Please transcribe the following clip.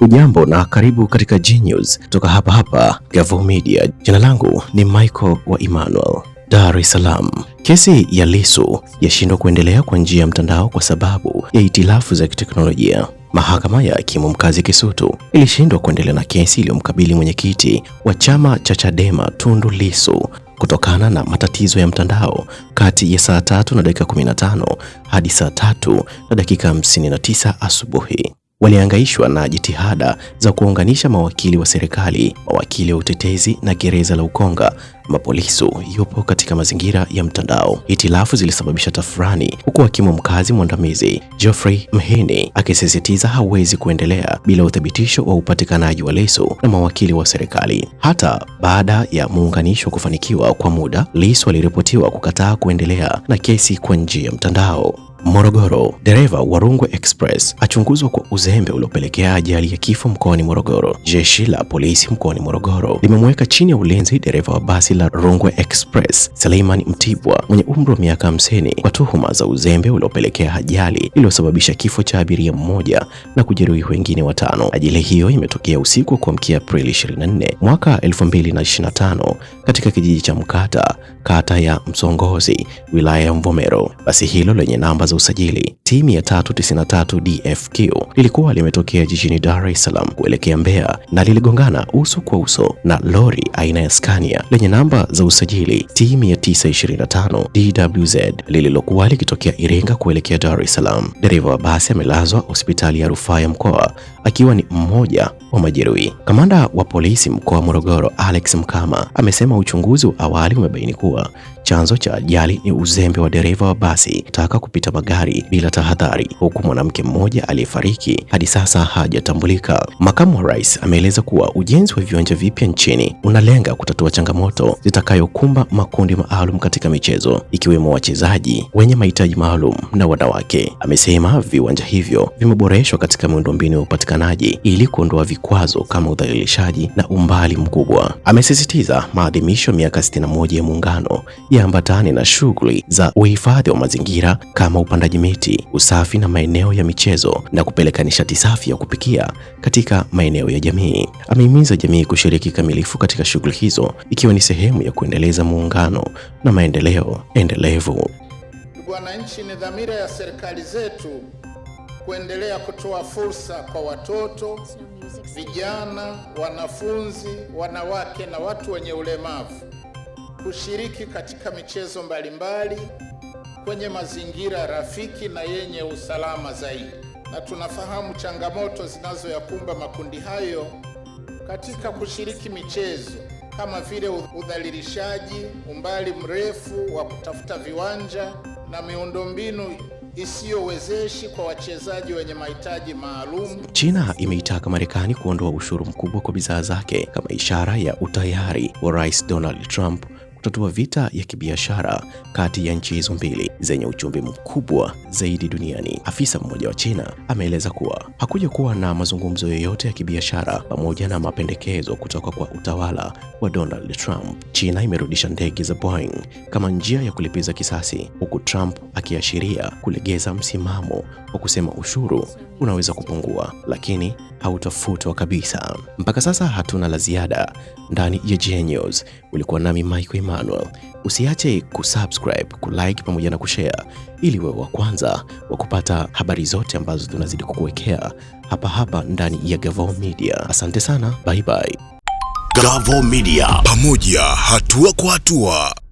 Ujambo na karibu katika Genius kutoka hapa hapa Gavo Media. Jina langu ni Michael wa Emmanuel. Dar es Salaam. Kesi ya Lissu yashindwa kuendelea kwa njia ya mtandao kwa sababu ya itilafu za kiteknolojia. Mahakama ya hakimu mkazi Kisutu ilishindwa kuendelea na kesi iliyomkabili mwenyekiti wa chama cha Chadema Tundu Lissu kutokana na matatizo ya mtandao kati ya saa tatu na dakika 15 hadi saa tatu na dakika 59 asubuhi waliangaishwa na jitihada za kuunganisha mawakili wa serikali, mawakili wa utetezi na gereza la Ukonga Mapolisi yupo katika mazingira ya mtandao. Hitilafu zilisababisha tafurani, huku hakimu mkazi mwandamizi Geoffrey Mhini akisisitiza hawezi kuendelea bila uthibitisho wa upatikanaji wa Lissu na mawakili wa serikali. Hata baada ya muunganisho kufanikiwa kwa muda, Lissu aliripotiwa kukataa kuendelea na kesi kwa njia ya mtandao. Morogoro, dereva wa Rungwe Express achunguzwa kwa uzembe uliopelekea ajali ya kifo mkoani Morogoro. Jeshi la polisi mkoani Morogoro limemweka chini ya ulinzi dereva wa basi la Rungwe Express Suleiman Mtibwa mwenye umri wa miaka hamsini kwa tuhuma za uzembe uliopelekea ajali iliyosababisha kifo cha abiria mmoja na kujeruhi wengine watano. Ajali hiyo imetokea usiku wa kuamkia Aprili 24 mwaka 2025 katika kijiji cha Mkata, kata ya Msongozi, wilaya ya Mvomero. Basi hilo lenye namba za usajili. Timu ya 393 DFQ lilikuwa limetokea jijini Dar es Salaam kuelekea Mbeya na liligongana uso kwa uso na lori aina ya Scania lenye namba za usajili timu ya 925 DWZ lililokuwa likitokea Iringa kuelekea Dar es Salaam. Dereva wa basi amelazwa hospitali ya rufaa ya mkoa akiwa ni mmoja wa majeruhi. Kamanda wa polisi mkoa wa Morogoro, Alex Mkama, amesema uchunguzi wa awali umebaini kuwa chanzo cha ajali ni uzembe wa dereva wa basi taka kupita magari bila tahadhari, huku mwanamke mmoja aliyefariki hadi sasa hajatambulika. Makamu wa Rais ameeleza kuwa ujenzi wa viwanja vipya nchini unalenga kutatua changamoto zitakayokumba makundi maalum katika michezo, ikiwemo wachezaji wenye mahitaji maalum na wanawake. Amesema viwanja hivyo vimeboreshwa katika miundombinu ya upatikanaji ili kuondoa vikwazo kama udhalilishaji na umbali mkubwa. Amesisitiza maadhimisho miaka 61 ya Muungano yaambatane na shughuli za uhifadhi wa mazingira kama upandaji miti, usafi na maeneo ya michezo na kupeleka nishati safi ya kupikia katika maeneo ya jamii. Amehimiza jamii kushiriki kikamilifu katika shughuli hizo ikiwa ni sehemu ya kuendeleza muungano na maendeleo endelevu. Wananchi, ni dhamira ya serikali zetu kuendelea kutoa fursa kwa watoto, vijana, wanafunzi, wanawake na watu wenye ulemavu kushiriki katika michezo mbalimbali kwenye mazingira rafiki na yenye usalama zaidi. Na tunafahamu changamoto zinazoyakumba makundi hayo katika kushiriki michezo kama vile udhalilishaji, umbali mrefu wa kutafuta viwanja na miundombinu isiyowezeshi kwa wachezaji wenye mahitaji maalum. China imeitaka Marekani kuondoa ushuru mkubwa kwa bidhaa zake kama ishara ya utayari wa Rais Donald Trump kutatua vita ya kibiashara kati ya nchi hizo mbili zenye uchumi mkubwa zaidi duniani. Afisa mmoja wa China ameeleza kuwa hakuja kuwa na mazungumzo yoyote ya kibiashara pamoja na mapendekezo kutoka kwa utawala wa Donald Trump. China imerudisha ndege za Boeing kama njia ya kulipiza kisasi, huku Trump akiashiria kulegeza msimamo wa kusema ushuru unaweza kupungua, lakini hautafutwa kabisa. Mpaka sasa hatuna la ziada ndani ya Genius. Ulikuwa nami Mike Emmanuel. Usiache kusubscribe, kulike pamoja na kushare ili wewe wa kwanza wa kupata habari zote ambazo tunazidi kukuwekea hapa hapa ndani ya Gavoo Media. Asante sana, bye bye. Gavoo Media, pamoja hatua kwa hatua.